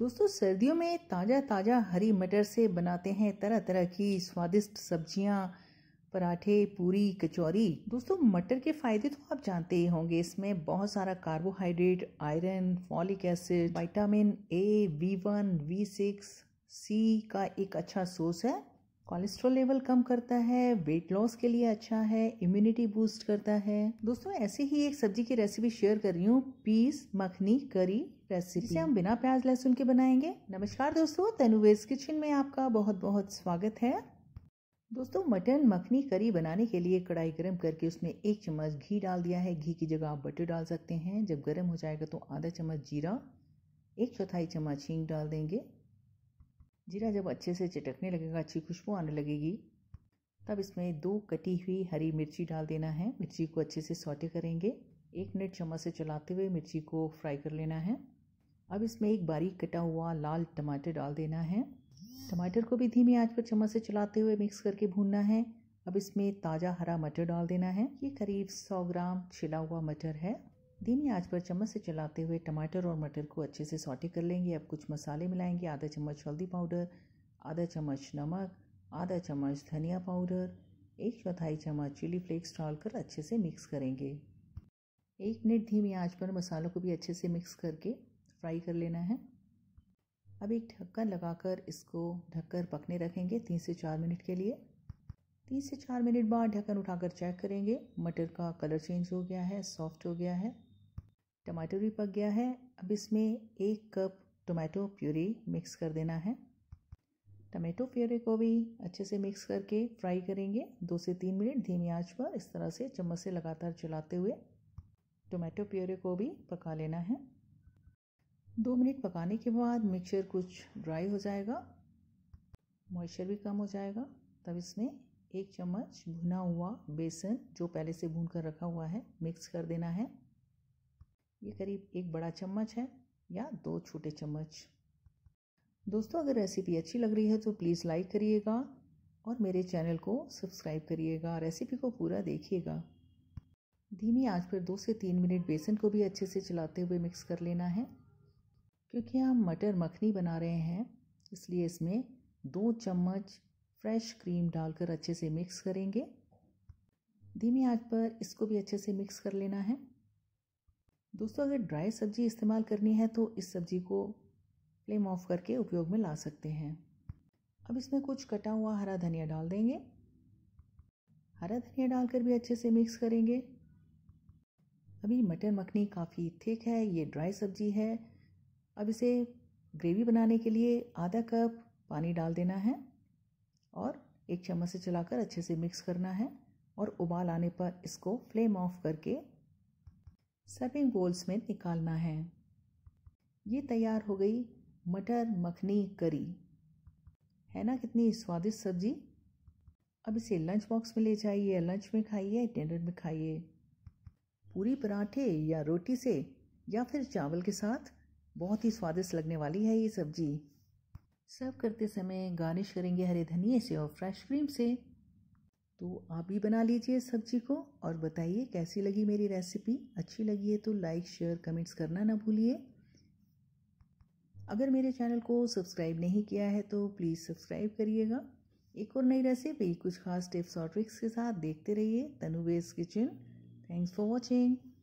दोस्तों सर्दियों में ताज़ा ताज़ा हरी मटर से बनाते हैं तरह तरह की स्वादिष्ट सब्जियां पराठे पूरी कचौरी दोस्तों मटर के फ़ायदे तो आप जानते ही होंगे इसमें बहुत सारा carbohydrate iron folic acid vitamin A B one B six C का एक अच्छा सोर्स है कोलेस्ट्रॉल लेवल कम करता है वेट लॉस के लिए अच्छा है इम्यूनिटी बूस्ट करता है दोस्तों ऐसे ही एक सब्जी की रेसिपी शेयर कर रही हूँ पीस मखनी करी रेसिपी जिसे हम बिना प्याज लहसुन के बनाएंगे नमस्कार दोस्तों तनुवेज किचन में आपका बहुत बहुत स्वागत है दोस्तों मटन मखनी करी बनाने के लिए कढ़ाई गर्म करके उसमें एक चम्मच घी डाल दिया है घी की जगह आप बटर डाल सकते हैं जब गर्म हो जाएगा तो आधा चम्मच जीरा एक चौथाई चम्मच हींग डाल देंगे जीरा जब अच्छे से चटकने लगेगा अच्छी खुशबू आने लगेगी तब इसमें दो कटी हुई हरी मिर्ची डाल देना है मिर्ची को अच्छे से सौटे करेंगे एक मिनट चम्मच से चलाते हुए मिर्ची को फ्राई कर लेना है अब इसमें एक बारीक कटा हुआ लाल टमाटर डाल देना है टमाटर को भी धीमी आंच पर चम्मच से चलाते हुए मिक्स करके भूनना है अब इसमें ताज़ा हरा मटर डाल देना है ये करीब 100 ग्राम छिला हुआ मटर है धीमी आंच पर चम्मच से चलाते हुए टमाटर और मटर को अच्छे से सॉटी कर लेंगे अब कुछ मसाले मिलाएंगे आधा चम्मच हल्दी पाउडर आधा चम्मच नमक आधा चम्मच धनिया पाउडर एक चौथाई चम्मच चिली फ्लेक्स डालकर अच्छे से मिक्स करेंगे एक मिनट धीमी आंच पर मसालों को भी अच्छे से मिक्स करके फ्राई कर लेना है अब एक ढक्कन लगाकर इसको ढककर पकने रखेंगे तीन से चार मिनट के लिए तीन से चार मिनट बाद ढक्कन उठाकर चेक करेंगे मटर का कलर चेंज हो गया है सॉफ्ट हो गया है टमाटर भी पक गया है अब इसमें एक कप टोमेटो प्यूरी मिक्स कर देना है टमेटो प्यूरी को भी अच्छे से मिक्स करके फ्राई करेंगे दो से तीन मिनट धीमी आंच पर इस तरह से चम्मच से लगातार चलाते हुए टोमेटो प्यूरी को भी पका लेना है दो मिनट पकाने के बाद मिक्सचर कुछ ड्राई हो जाएगा मॉइस्चर भी कम हो जाएगा तब इसमें एक चम्मच भुना हुआ बेसन जो पहले से भून कर रखा हुआ है मिक्स कर देना है ये करीब एक बड़ा चम्मच है या दो छोटे चम्मच दोस्तों अगर रेसिपी अच्छी लग रही है तो प्लीज़ लाइक करिएगा और मेरे चैनल को सब्सक्राइब करिएगा रेसिपी को पूरा देखिएगा धीमी आंच पर दो से तीन मिनट बेसन को भी अच्छे से चलाते हुए मिक्स कर लेना है क्योंकि हम मटर मखनी बना रहे हैं इसलिए इसमें दो चम्मच फ्रेश क्रीम डालकर अच्छे से मिक्स करेंगे धीमी आंच पर इसको भी अच्छे से मिक्स कर लेना है दोस्तों अगर ड्राई सब्जी इस्तेमाल करनी है तो इस सब्जी को फ्लेम ऑफ करके उपयोग में ला सकते हैं अब इसमें कुछ कटा हुआ हरा धनिया डाल देंगे हरा धनिया डालकर भी अच्छे से मिक्स करेंगे अभी मटर मखनी काफ़ी थिक है ये ड्राई सब्जी है अब इसे ग्रेवी बनाने के लिए आधा कप पानी डाल देना है और एक चम्मच से चलाकर अच्छे से मिक्स करना है और उबाल आने पर इसको फ्लेम ऑफ करके सर्विंग बोल्स में निकालना है ये तैयार हो गई मटर मखनी करी है ना कितनी स्वादिष्ट सब्जी अब इसे लंच बॉक्स में ले जाइए लंच में खाइए डिनर में खाइए पूरी पराठे या रोटी से या फिर चावल के साथ बहुत ही स्वादिष्ट लगने वाली है ये सब्जी सर्व करते समय गार्निश करेंगे हरे धनिए से और फ्रेश क्रीम से तो आप भी बना लीजिए सब्जी को और बताइए कैसी लगी मेरी रेसिपी अच्छी लगी है तो लाइक शेयर कमेंट्स करना ना भूलिए अगर मेरे चैनल को सब्सक्राइब नहीं किया है तो प्लीज़ सब्सक्राइब करिएगा एक और नई रेसिपी कुछ खास टिप्स और ट्रिक्स के साथ देखते रहिए तनुवेज किचन थैंक्स फॉर वॉचिंग